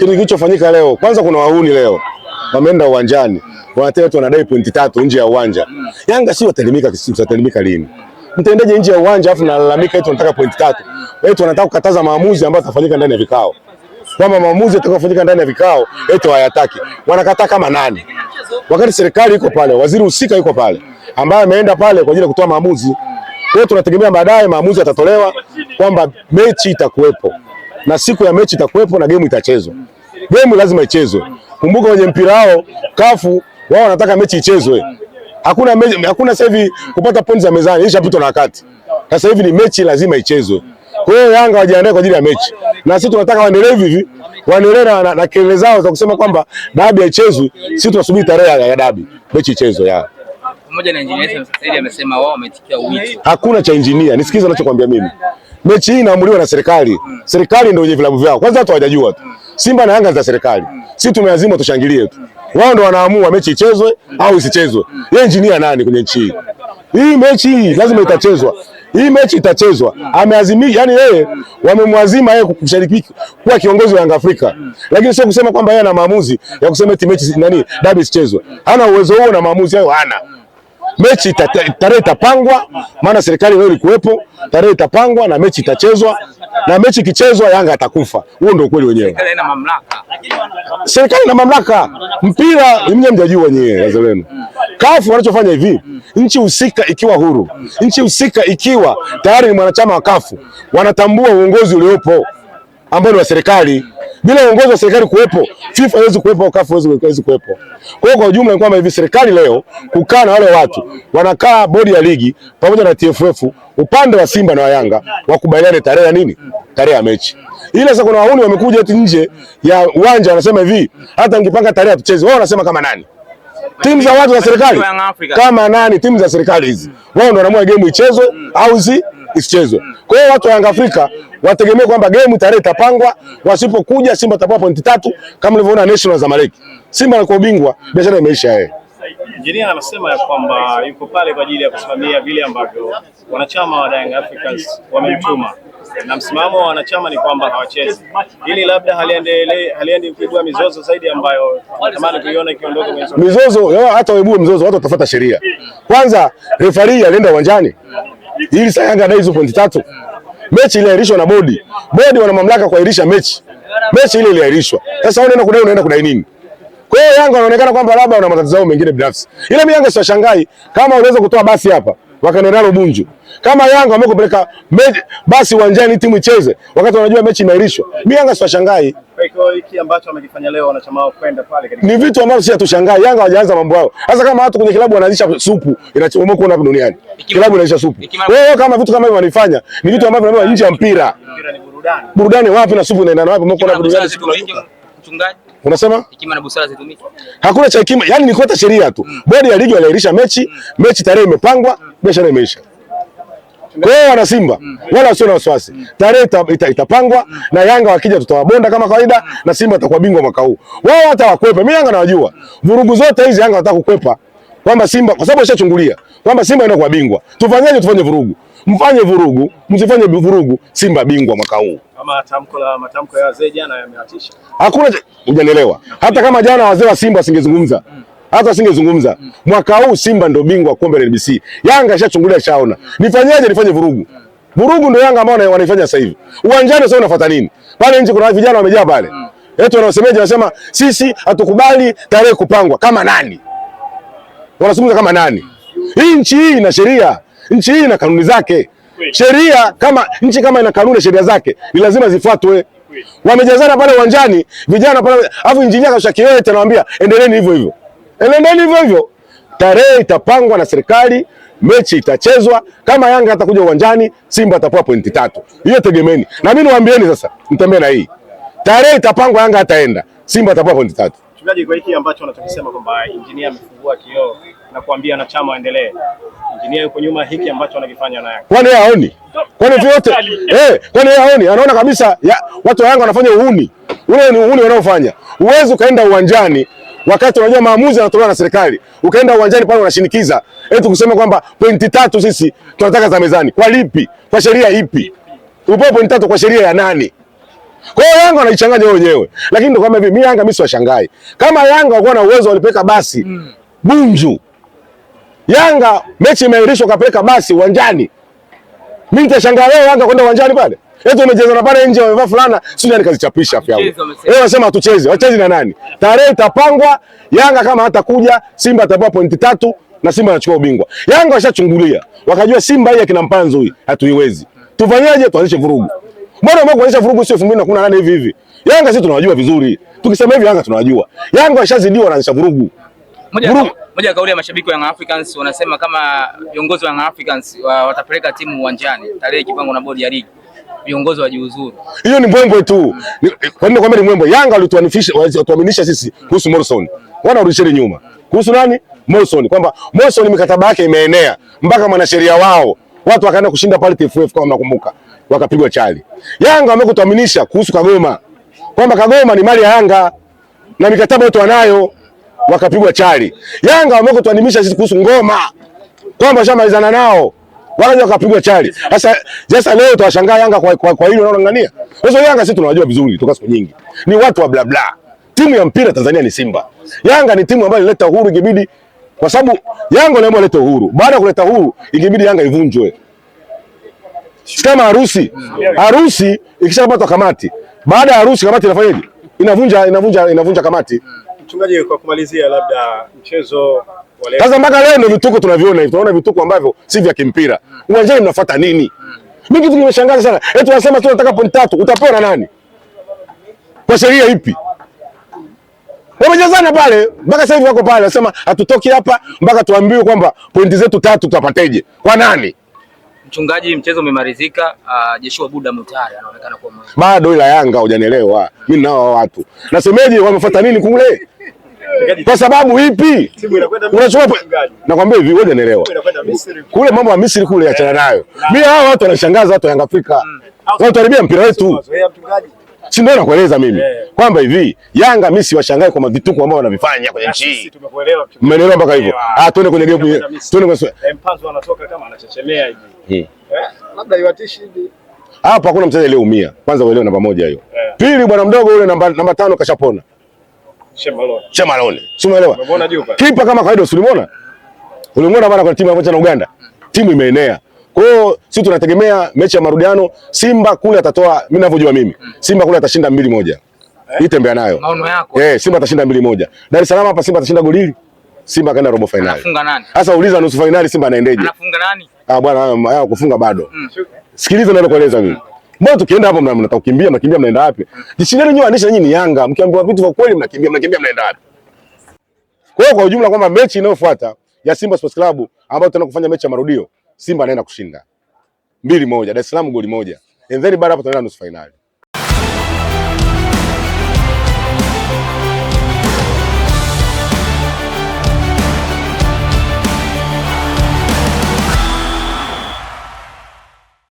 Kitu kilichofanyika leo, kwanza kuna wahuni leo wameenda uwanjani, wanatetea watu wanadai pointi tatu nje ya uwanja. Yanga si watalimika, watalimika lini? Mtendeje nje ya uwanja afu nalalamika eti tunataka pointi tatu? Eti wanataka kukataza maamuzi ambayo yatafanyika ndani ya vikao, kwamba maamuzi yatakayofanyika ndani ya vikao eti hayataki. Wanakataa kama nani, wakati serikali iko pale, waziri husika yuko pale, ambaye ameenda pale kwa ajili ya kutoa maamuzi. Kwa tunategemea baadaye maamuzi yatatolewa kwamba mechi itakuwepo na siku ya mechi itakuwepo na game itachezwa game lazima ichezwe. Kumbuka wenye mpira wao kafu wao wanataka mechi ichezwe, hakuna mechi, hakuna sasa hivi kupata pointi za mezani, ishapitwa na wakati. Sasa hivi ni mechi lazima ichezwe. Kwa hiyo Yanga wajiandae kwa ajili ya mechi, na sisi tunataka waendelee hivi hivi, waendelee na, na, na kelele zao za kusema kwamba dabi haichezwi. Sisi tunasubiri tarehe ya dabi, mechi ichezwe ya pamoja na engineer. Sasa hivi amesema wao wametikia wito, hakuna cha engineer. Nisikize anachokwambia mimi mechi hii inaamuliwa na serikali. Serikali ndio yenye vilabu vyao, kwanza watu hawajajua tu. Simba na Yanga za serikali, sisi tumeazimwa tushangilie tu, wao ndio wanaamua mechi ichezwe au isichezwe. Yeye injinia nani kwenye nchi hii? Hii mechi hii lazima itachezwa, hii mechi itachezwa. Ameazimia, yani yeye wamemwazima yeye kushiriki kuwa kiongozi wa Yanga Afrika, lakini sio kusema kwamba yeye ana maamuzi ya kusema eti mechi nani dabi isichezwe. Hana uwezo huo na maamuzi hayo hana mechi tarehe itapangwa, maana serikali leo ilikuwepo. Tarehe itapangwa na mechi itachezwa, na mechi ikichezwa Yanga atakufa. Huo ndio ukweli wenyewe. Serikali ina mamlaka, mpira mnye mjajua wenyewe wazalendo. Kafu wanachofanya hivi, nchi husika ikiwa huru, nchi husika ikiwa tayari ni mwanachama wa Kafu, wanatambua uongozi uliopo ambao ni wa serikali. Bila uongozi wa serikali kuwepo, FIFA haiwezi kuwepo, CAF haiwezi kuwepo. Kwa kwa ujumla ni kwamba hivi serikali leo kukaa na wale watu wanakaa bodi ya ligi pamoja na TFF upande wa Simba na wa Yanga wakubaliane tarehe ya nini? Tarehe ya mechi. Ila sasa kuna wahuni wamekuja eti nje ya uwanja wanasema hivi, hata mkipanga tarehe tucheze. Wao wanasema kama nani? Timu za watu za serikali? Kama nani timu za serikali hizi? Wao ndio wanaamua game ichezwe au si isichezwe. Kwa hiyo watu wa Yanga Afrika wategemee kwamba game tarehe itapangwa, wasipokuja Simba tapaa pointi tatu kama ulivyoona National Zamalek. Simba anakuwa ubingwa, biashara imeisha yeye. Injinia anasema ya kwamba yuko pale kwa ajili ya kusimamia vile ambavyo wanachama wa Yanga Africans wamemtuma, na msimamo wa wanachama ni kwamba hawachezi, ili labda haliendelee haliende kuibua mizozo zaidi ambayo natamani kuiona ikiondoka mizozo. Mizozo hata waibue mizozo, watu watafuata sheria. Kwanza refari alienda uwanjani ili sasa Yanga adai hizo pointi tatu. Mechi ile iliahirishwa na bodi. Bodi wana mamlaka kuahirisha mechi. Mechi ile iliahirishwa. Sasa unaenda kudai unaenda kudai nini? Kwa hiyo Yanga wanaonekana kwamba labda wana matatizo mengine binafsi. Ila mimi Yanga siwashangai kama unaweza kutoa basi hapa wakaenda nalo Bunju. Kama Yanga kupeleka basi uwanjani timu icheze wakati wanajua mechi imeahirishwa. Mimi Yanga siwashangai. Hiki ambacho wamekifanya leo wanachama wao kwenda pale katika ni vitu ambavyo sisi hatushangai. Yanga hawajaanza mambo yao. Sasa kama watu kwenye klabu wanaanzisha supu, inachomwa kuona hapa duniani. Klabu inaanzisha supu. Wewe wewe kama vitu kama hivyo wanifanya, ni vitu ambavyo vinaenda nje ya mpira. Mpira ni burudani. Burudani wapi na supu inaenda wapi? Mko na burudani sisi Mchungaji Unasema? Hekima na busara zitumike. Hakuna cha hekima, yani ni kufuata sheria tu. Mm. Bodi ya ligi waliahirisha mechi, mm. Mechi tarehe imepangwa, mm biashara imeisha. Kwa hiyo wana Simba mm. wala sio na wasiwasi mm. tarehe ita, itapangwa mm. na Yanga wakija tutawabonda kama kawaida mm. na Simba atakuwa bingwa mwaka huu. Wao hata wakwepa, mimi Yanga nawajua mm. vurugu zote hizi, Yanga wataka kukwepa kwamba Simba kwa sababu ishachungulia kwamba Simba inakuwa bingwa. Tufanyaje? Tufanye vurugu, mfanye vurugu, msifanye vurugu, Simba bingwa mwaka huu. Kama tamko la matamko ya wazee jana yameatisha, hakuna hujanielewa. Hata kama jana wazee wa Simba singezungumza mm hata singezungumza. mm. Mwaka huu Simba ndio bingwa kombe la NBC. Yanga ishachungulia mm. Nifanyaje nifanye vurugu? mm. Vurugu ndio Yanga ambao wanaifanya sasa hivi. Uwanjani sasa unafuata nini? Pale nje kuna vijana wamejaa pale. mm. Eti wanaosemeje wanasema sisi hatukubali tarehe kupangwa kama nani? Wanazungumza kama nani? Hii nchi hii ina sheria. Nchi hii ina kanuni zake. Sheria kama nchi kama ina kanuni sheria zake ni lazima zifuatwe. Wamejazana pale uwanjani vijana pale, alafu injinia kashakiwete yote anawaambia endeleeni hivyo hivyo. Enendeni hivyo hivyo, tarehe itapangwa na serikali, mechi itachezwa. Kama Yanga atakuja uwanjani, Simba atapoa pointi tatu, hiyo tegemeni. Na mimi niwaambieni sasa, mtembee na hii tarehe itapangwa, Yanga ataenda, Simba atapoa pointi tatu. Mchungaji, kwa hiki ambacho anachokisema kwamba injinia amefungua kioo na kuambia na chama aendelee, injinia yuko nyuma hiki ambacho anakifanya na Yanga, kwani haoni? Kwani tu yote eh, kwani haoni? Anaona kabisa ya, watu wa Yanga wanafanya uhuni ule, ni uhuni wanaofanya. uwezo kaenda uwanjani wakati unajua maamuzi yanatolewa na serikali, ukaenda uwanjani pale unashinikiza eti kusema kwamba pointi tatu sisi tunataka za mezani. Kwa lipi? Kwa sheria ipi? Upo pointi tatu kwa sheria ya nani? Kwa hiyo Yanga wanaichanganya wao wenyewe. Lakini ndio kama hivi, mimi Yanga mimi siwashangai. Kama Yanga wako na uwezo walipeka basi mm. Bunju. Yanga mechi imeahirishwa kapeka basi uwanjani. Mimi nitashangaa leo Yanga kwenda uwanjani pale. Eti umecheza na pale nje wamevaa fulana, si nani kazichapisha afya yao. Wewe unasema hatucheze, wacheze na nani? Tarehe itapangwa, Yanga kama hatakuja, Simba atapewa pointi tatu na Simba anachukua ubingwa. Yanga washachungulia, wakajua Simba hii akina Mpanzo hii hatuiwezi. Tufanyaje? Tuanzishe vurugu. Mbona umeanza kuanzisha vurugu sio 2018 hivi hivi? Yanga sisi tunawajua vizuri. Tukisema hivi Yanga tunawajua. Yanga washazidiwa wanaanzisha vurugu. Moja moja kauli ya mashabiki wa Young Africans wanasema kama viongozi wa Young Africans watapeleka timu uwanjani tarehe kipango na bodi ya ligi viongozi wajiuzuru. Hiyo ni mbwembwe tu. Kwa nini nakwambia ni mbwembwe? Yanga walituaminisha walituaminisha sisi kuhusu Morrison. Wana urudisheni nyuma. Kuhusu nani? Morrison kwamba Morrison mikataba yake imeenea mpaka mwanasheria wao watu wakaenda kushinda pale TFF kama mnakumbuka, wakapigwa chali. Yanga wamekutaminisha kuhusu Kagoma kwamba Kagoma ni mali ya Yanga na mikataba yote wanayo, wakapigwa chali. Yanga wamekutuanimisha sisi kuhusu ngoma kwamba shamalizana nao wala wakapigwa chali. Sasa sasa leo tuwashangaa Yanga kwa kwa, kwa hilo wanaong'ang'ania. Sasa hiyo Yanga sisi tunawajua vizuri toka siku nyingi. Ni watu wa bla bla. Timu ya mpira Tanzania ni Simba. Yanga ni timu ambayo inaleta uhuru ikibidi kwa sababu Yanga ndio inaleta uhuru. Baada ya kuleta uhuru ingebidi Yanga ivunjwe. Kama harusi. Harusi ikishapata kamati. Baada ya harusi kamati inafanyaje? Inavunja inavunja inavunja kamati. Mchungaji, kwa kumalizia, labda mchezo sasa mpaka leo ndio vituko tunaviona hivi. Tunaona vituko ambavyo si vya kimpira. Mm. Uwanjani mnafuata nini? Mm. Mimi kitu kimeshangaza sana. Eti eh, tunasema tu nataka point tatu, utapewa na nani? Kwa sheria ipi? Wamejazana pale mpaka sasa hivi wako pale wanasema hatutoki hapa mpaka tuambiwe kwamba pointi zetu tatu tutapateje? Kwa nani? Mchungaji, mchezo umemalizika. Uh, ah, Jeshua Buda Mutare anaonekana kuwa bado, ila Yanga hujanielewa. Mimi nao watu nasemeje, wamefuata nini kule? Kwa sababu ipi? Unachukua nakwambia hivi, wewe unaelewa. Kule mambo ya Misri kule achana eh. nayo. Mimi hao watu wanashangaza watu wa Yanga Afrika. Mm. Wanatuharibia mpira wetu. Si ndio nakueleza mimi eh. kwamba hivi Yanga mimi siwashangae kwa mavituko ambao wanavifanya kwenye nchi hii. mpaka hivyo? Ah, tuende kwenye game. Tuende kwenye eh, mpanzo anatoka kama anachechemea hivi. Hmm. Labda iwatishi hivi. Hapa hakuna mchezaji aliyeumia. Kwanza uelewe namba moja hiyo. Pili, bwana mdogo yule namba namba tano kashapona. Shemalone. Shemalone. Umeona Juba? Kipa kama kawaida usimuona? Ulimuona bana kwa timu ya na Uganda. Timu imeenea. Kwa hiyo sisi tunategemea mechi ya marudiano Simba kule atatoa, mimi ninavyojua mimi. Simba kule atashinda mbili moja. Eh? Itembea nayo. Maono yako. Eh, Simba atashinda mbili moja. Dar es Salaam hapa Simba atashinda goli hili. Simba kaenda robo finali. Anafunga nani? Sasa uliza nusu finali Simba anaendeje? Anafunga nani? Ah, bwana haya kufunga bado. Mm. Sikiliza nalokueleza mimi. Mm. Mbona tukienda hapo mnataka kukimbia, mnakimbia mnaenda wapi? Jishindeni nyinyi waanisha nyinyi ni Yanga, mkiambiwa vitu vya kweli mnakimbia, mnakimbia mnaenda wapi? Kwa hiyo kwa ujumla kwamba mechi inayofuata ya Simba Sports Club ambayo tunataka kufanya mechi ya marudio, Simba anaenda kushinda. Mbili moja, Dar es Salaam goli moja. And then baada hapo tunaenda nusu finali.